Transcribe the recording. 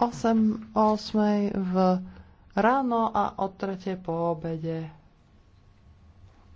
8, 8 v ráno a od 3 po obede.